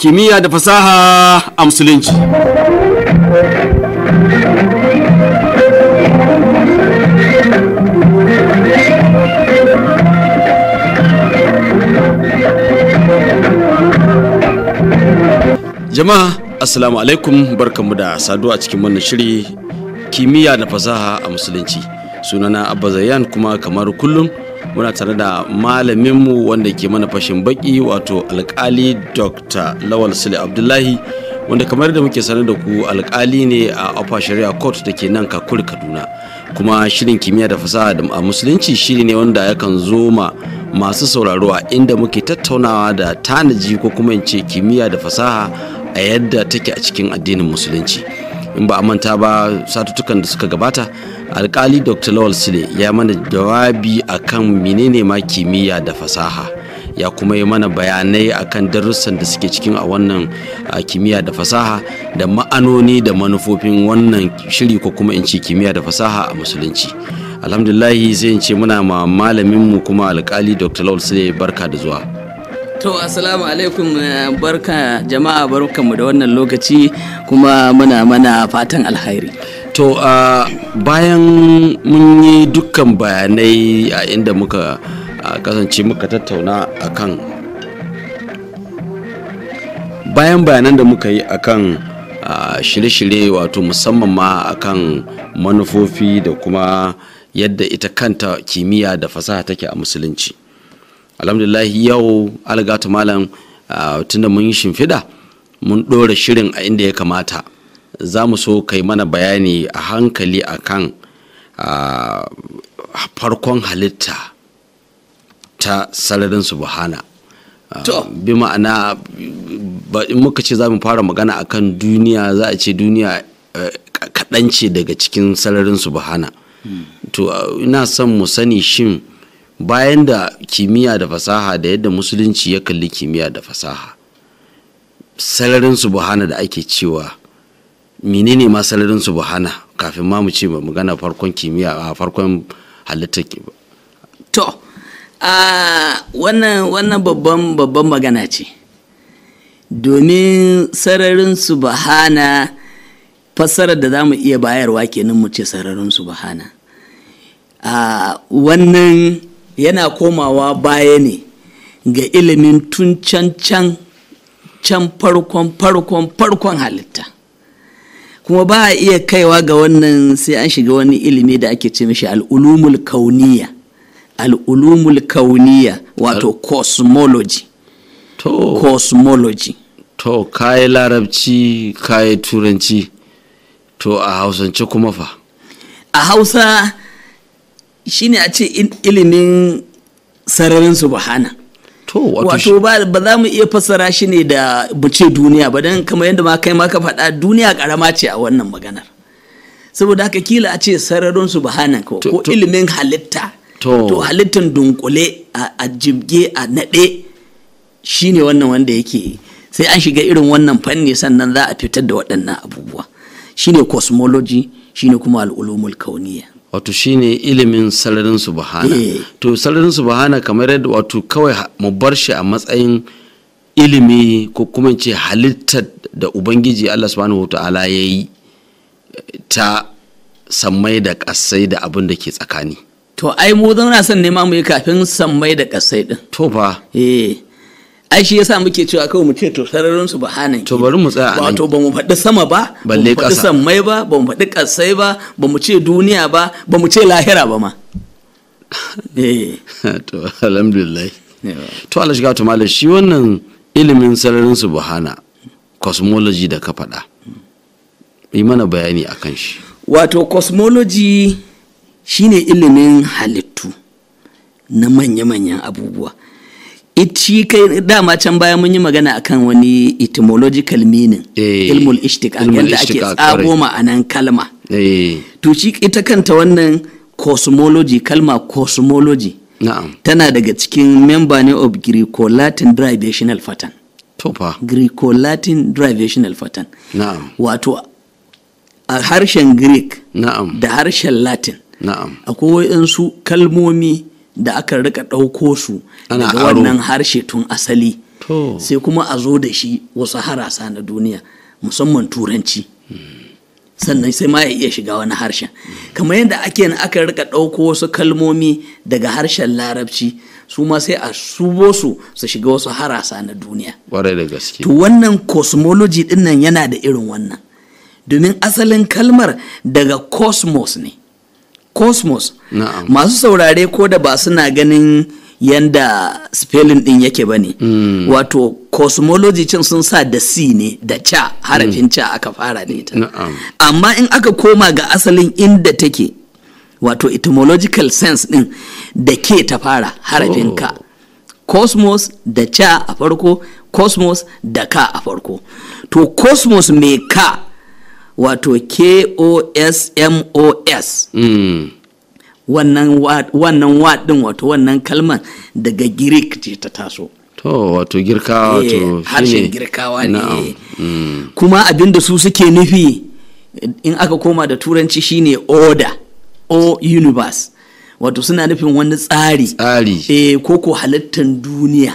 kimiyya da fasaha a musulunci jama'a assalamu alaikum barkanmu da saduwa cikin wannan shiri kimiyya da fasaha a musulunci sunana abba zayan kuma kamar kullum muna tare da malaminmu wanda ke mana fashin baki wato alkali dr lawal sule abdullahi wanda kamar da muke sanar da ku alkali ne a upper shari'a court da ke nan kakuri kaduna kuma shirin kimiyya da fasaha da musulunci shiri ne wanda yakan zo ma masu sauraro inda muke tattaunawa da tanaji ko kuma ce kimiyya da fasaha a yadda take a cikin addinin musulunci in ba a manta ba satutukan da suka gabata alkali dr lawal sile ya mana jawabi akan menene ma kimiyya da fasaha ya kuma yi mana bayanai akan darussan da suke cikin a wannan kimiyya da fasaha da ma'anoni da manufofin wannan shiri ko kuma in ce kimiyya da fasaha a musulunci alhamdulahi zai ce muna ma malaminmu kuma alkali dr lawal sile barka da zuwa To assalamu alaikum eh, barka jama'a barkanmu da wannan lokaci kuma muna mana fatan alkhairi. to a bayan mun yi dukkan bayanai a inda muka kasance muka tattauna akan bayan bayanan da muka yi akan kan shirye-shirye wato musamman ma akan manufofi da kuma yadda ita kanta kimiyya da fasaha take a musulunci alhamdulillahi yau algata malam tunda mun yi shimfiɗa mun ɗora shirin a inda ya kamata za mu so kai mana bayani a hankali akan farkon halitta ta sararin subhana bi ma'ana in muka ce za mu fara magana akan duniya za a ce duniya eh, kaɗan ce daga cikin sararin subhana hmm. to ina son mu sani shin bayan da kimiyya da fasaha da yadda musulunci ya kalli kimiyya da fasaha sararin subhana da ake cewa menene ma sararin buhana kafin ma mu ce ba magana farkon kimiyya a farkon halittar to a wannan wannan babban babban magana ce domin sararin su subhana fassarar da za mu iya bayarwa kenan mu ce sararin subhana a wannan yana komawa baya ne ga ilimin tun can can can farkon farkon farkon halitta kuma ba a iya kaiwa ga wannan sai an shiga wani ilimi da ake ce mishi al'ulumul kauniya al'ulumul kauniya wato cosmology to cosmology to kayi larabci kayi turanci to a hausance kuma fa a hausa shine a ce ilimin sararin subhana wato ba za mu iya fassara shi ne da buce duniya ba don kamar yadda ma kai ma faɗa duniya ƙarama ce a wannan maganar saboda haka kila a ce sararin su ba hana ko ilimin halitta to halittan dunkule a jibge a naɗe shi ne wannan wanda yake sai an shiga irin wannan fanni sannan za a fitar da waɗannan abubuwa shine cosmology shine kuma al'ulumul kauniya wato shine ilimin sararin subhana eh. to sararin subhana kamar yadda wato kawai mu bar shi a matsayin ilimi ko kuma ce halittar da ubangiji Allah subhanahu wataala ya yi ta sammai da kasai da abin da ke tsakani to ai mu zauna son nema mu yi kafin sammai da kasai din to fa eh ai shi yasa muke cewa kawai mu ce to sararin su bahana to bari mu tsaya wato bamu faɗi sama ba bamu faɗi sammai ba bamu faɗi ƙasai ba bamu ce duniya ba bamu ce lahira ba ma eh. to alhamdulillah to Allah shiga to malam shi wannan ilimin sararin su bahana cosmology da ka faɗa yi mana bayani akan shi wato cosmology shine ilimin halittu na manya-manyan abubuwa Eh, shi kai dama can baya mun yi magana akan wani etymological meaning eh, ilmul ishtiqaq yadda ake tsago ma'anan kalma eh. to shi ita kanta wannan cosmology kalma cosmology tana daga cikin member ne of greco-latin derivational pattern greco-latin derivational pattern wato a harshen greek da harshen latin akwai waɗansu kalmomi da aka rika ɗauko su daga wannan harshe tun asali sai kuma a zo da shi wasu harasa na duniya musamman turanci sannan sai ma ya iya shiga wani harshen kamar yadda ake aka rika ɗauko wasu kalmomi daga harshen larabci su ma sai a subo su su shiga wasu harasa na duniya to wannan cosmology ɗinnan yana da irin wannan domin asalin kalmar daga cosmos ne cosmos masu saurare ko da ba suna ganin yanda spelling din yake ba ne hmm. wato cosmology cin sun sa da c ne da ca harafin ca aka fara ne ta amma in aka koma ga asalin inda take wato etymological sense din da ke ta fara harafin ka oh. cosmos da ca a farko cosmos da ka a farko to cosmos mai ka wato KOSMOS. Hmm. Wannan waɗin wato wannan kalmar daga Greek ce ta taso. To wato girkawa wato eh, harshen girkawa ne. Hmm. kuma Kuma abinda su suke nufi in aka koma da turanci shine oda o universe wato suna nufin wani tsari. Tsari. E, eh, koko halittar duniya.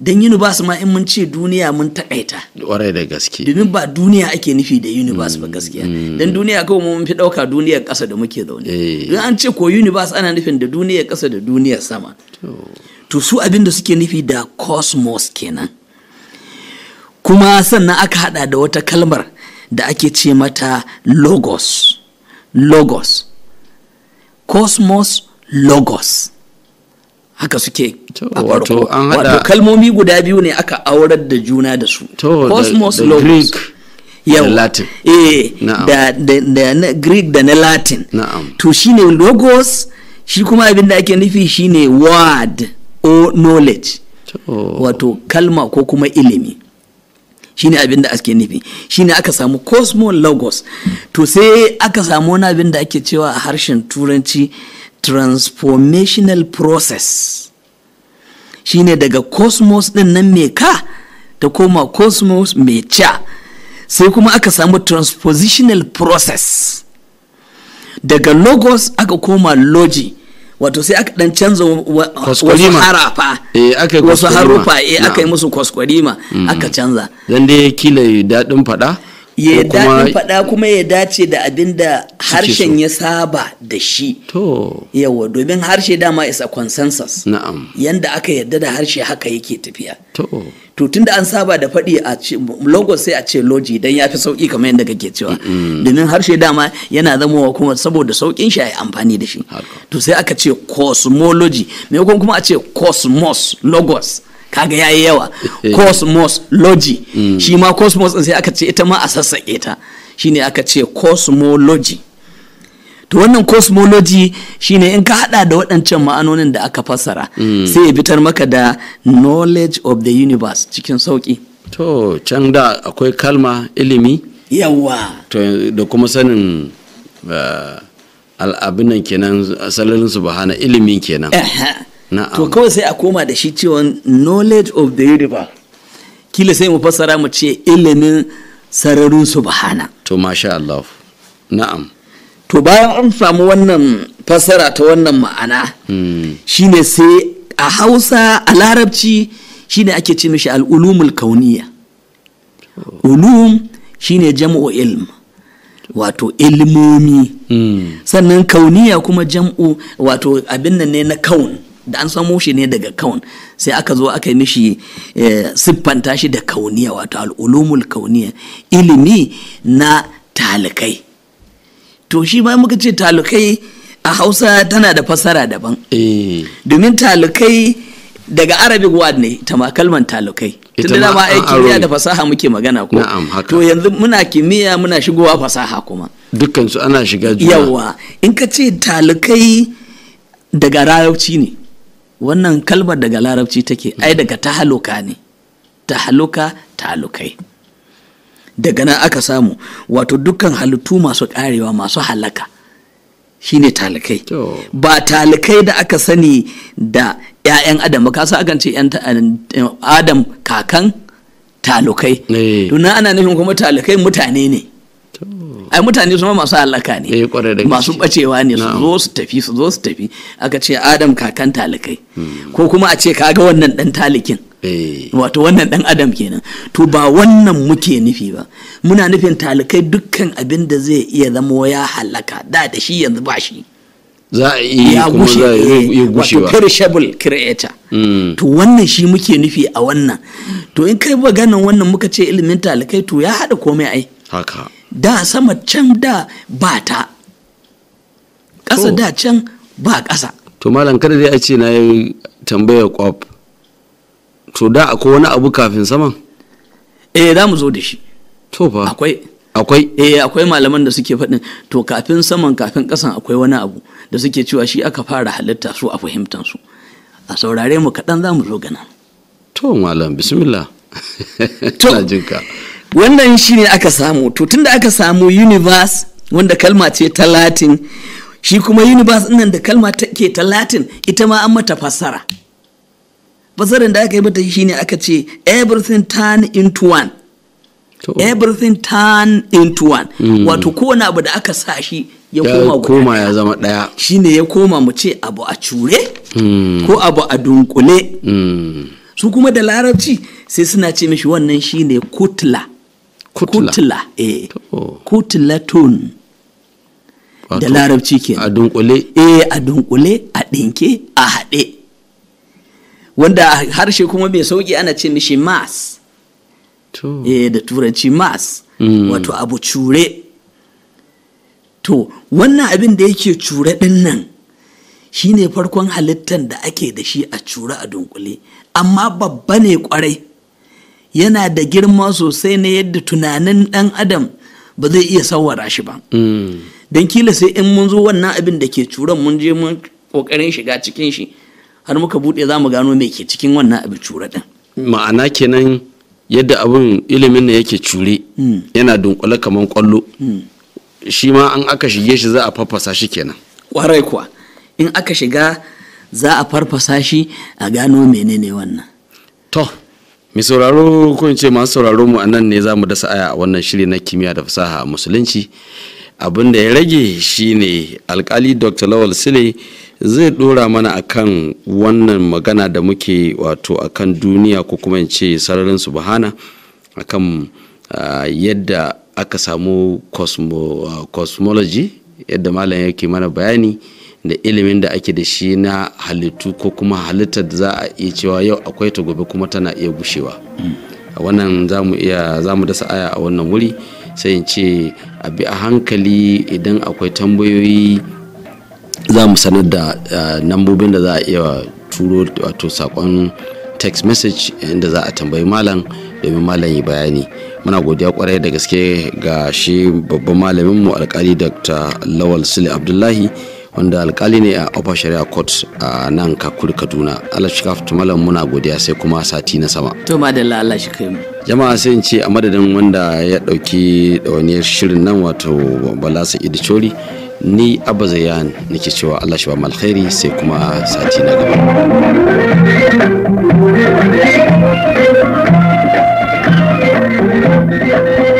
don universe ma in mun ce duniya mun takaita ƙwarai da gaske domin ba duniya ake nufi da universe ba mm, gaskiya mm. don duniya kawai mun fi ɗauka duniyar ƙasa da muke zaune eh. don an ce ko universe ana nufin da duniyar ƙasa da duniyar sama to su abin da suke nufi da cosmos kenan kuma sannan aka haɗa da wata kalmar da ake ce mata logos logos cosmos logos haka suke a farko wato kalmomi guda biyu ne aka aurar da juna da su cosmos logos yau latin eh da, greek da na latin na'am to shine logos shi kuma abin da ake nufi shine word or knowledge wato kalma ko kuma ilimi shine abin da ake nufi shine aka samu logos to sai aka samu wani abin da ake cewa a harshen turanci transformational process shine daga cosmos ɗin nan mai ka ta koma cosmos mai ca sai kuma aka samu transpositional process daga logos aka koma logi wato sai aka dan canza wasu harafa wasu eh, harufa aka yi eh, musu kwaskwarima mm. aka canza zan dai kila daɗin faɗa ya daɗin faɗa kuma ya dace da abin da harshen ya saba da shi to yawa domin harshe dama isa consensus na'am yanda aka yarda da harshe haka yake tafiya to to tunda an saba da faɗi a logo sai a ce loji dan ya fi sauƙi kamar yadda kake cewa domin harshe dama yana zamowa kuma saboda sauƙin shi a yi amfani da shi to sai aka ce cosmology maimakon kuma a ce cosmos logos kaga yayi yawa cosmos logi mm. shi ma cosmos sai aka ce ita ma a sassaƙe ta shine aka ce cosmology to wannan cosmology shine in ka hada da waɗancan ma'anonin da aka fassara mm. sai ya fitar maka da knowledge of the universe cikin sauƙi. to can da akwai kalma ilimi yawa da kuma sanin eh, al'abinan kenan asalin su hana ilimin kenan to kawai sai a koma da shi cewa knowledge of the river. kila sai mu fassara mu ce ilimin sararin subhana to masha Allah na'am to bayan an samu wannan fassara ta wannan ma'ana hmm. shine sai a hausa a larabci shine ake ce mishi al'ulumul kauniya ulum shine jam'u ilm wato ilmomi hmm. sannan kauniya kuma jam'u wato abin nan ne na kaun da an samo shi ne daga kaun sai aka zo aka yi mishi eh, siffanta shi da kauniya wato al'ulumul kauniya ilimi na talikai to shi ma muka ce talikai a hausa tana da fasara daban eh. domin talikai daga arabic word ne ta ma kalman talikai tunda da ma ai kimiyya da fasaha muke magana ko to yanzu muna kimiyya muna shigowa fasaha kuma dukkan su ana shiga juna yawa in ka ce talikai daga rayauci ne wannan kalmar daga larabci take ai daga tahaluka ne tahaluka talukai, daga nan aka samu wato dukkan halittu masu karewa masu halaka shine talikai ba talukai da aka sani da 'ya'yan adam ba kasa akan ce 'yan adam kakan talukai eh. tunan ana nufin kuma talukai mutane ne ai mutane su masu halaka ne eh, masu bacewa ne su zo su tafi su zo su tafi aka ce adam kakan talikai hmm. ko kuma a ce kaga wannan dan talikin eh. wato wannan dan adam kenan to ba wannan muke nufi ba muna nufin talikai dukkan abin da zai iya zama ya halaka da da shi yanzu ba shi za a yi kuma za eh, wato perishable creator hmm. to wannan shi muke nufi a wannan to in kai ba ganin wannan muka ce ilimin talikai to ya haɗa komai ai haka da sama can da ba ta ƙasa da can ba ƙasa to malam kada dai a ce na yi tambayar kwaf to da akwai wani abu kafin saman eh za mu zo da shi to ba akwai akwai eh akwai malaman da suke faɗin to kafin saman kafin ƙasan akwai wani abu da suke cewa shi aka fara halitta su a fahimtar su a saurare mu kaɗan za mu zo gana to malam bismillah to jinka wannan shi ne aka samu to tunda aka samu universe wanda kalma ce ta latin shi kuma universe nan da kalma ke ta latin ita ma an mata fassara fassarar da aka yi mata ne aka ce everything turn into one to. everything turn into one mm. wato kowane abu da aka sa shi ya koma koma ya zama daya ne ya koma mu ce abu a cure mm. ko abu a dunkule mm. su kuma da larabci sai suna ce mishi wannan shi ne kutla Kutula. eh kutlatun da larabci ke a dunkule eh a dunkule a dinke a haɗe wanda harshe kuma mai sauki ana ce mishi mas eh da turanci mas mm. wato abu cure to wannan abin da yake cure din nan shine farkon halittar da ake da shi a cure a dunkule amma babba ne kwarai yana da girma sosai na yadda tunanin ɗan adam ba zai iya sawara shi ba mm. don kila sai in mun zo wannan abin da ke curan mun je mun kokarin shiga cikin shi har muka buɗe za mu gano me ke cikin wannan abin cura ɗin ma'ana kenan yadda abin ilimin ne yake cure mm. yana dunkule kamar ƙwallo mm. shi ma an aka shige shi za a farfasa shi kenan kwarai kuwa in aka shiga za a farfasa shi a gano menene wannan to mai sauraro ko ce masu sauraro mu nan ne za mu dasa aya a wannan shiri na kimiyya da fasaha a musulunci abin da ya rage shine alkali dr lawal sile zai dora mana akan wannan magana da muke wato akan duniya ko kuma in ce sararin subhana akan yadda aka samu cosmology yadda malam yake mana bayani da ilimin da ake da shi na halittu ko kuma halittar da za a iya cewa yau akwai ta gobe kuma tana iya gushewa a wannan za mu iya za dasa aya a wannan wuri sai in ce a bi a hankali idan akwai tambayoyi za mu sanar da eh, nambobin da za a iya turo wato sakon text message inda za a tambayi malam domin malam yi bayani muna godiya kwarai da gaske ga shi babban malaminmu alkali dr lawal sule abdullahi wanda alkali ne a upper sharia court a nan kakuri kaduna allah shi kafa malam muna godiya sai kuma sati na sama to madalla allah shi kai mu jama'a sai ce a madadin wanda ya dauki dawaniyar shirin nan wato bala sa'id chori ni abba zayan nake cewa allah shi ba alkhairi sai kuma sati na gaba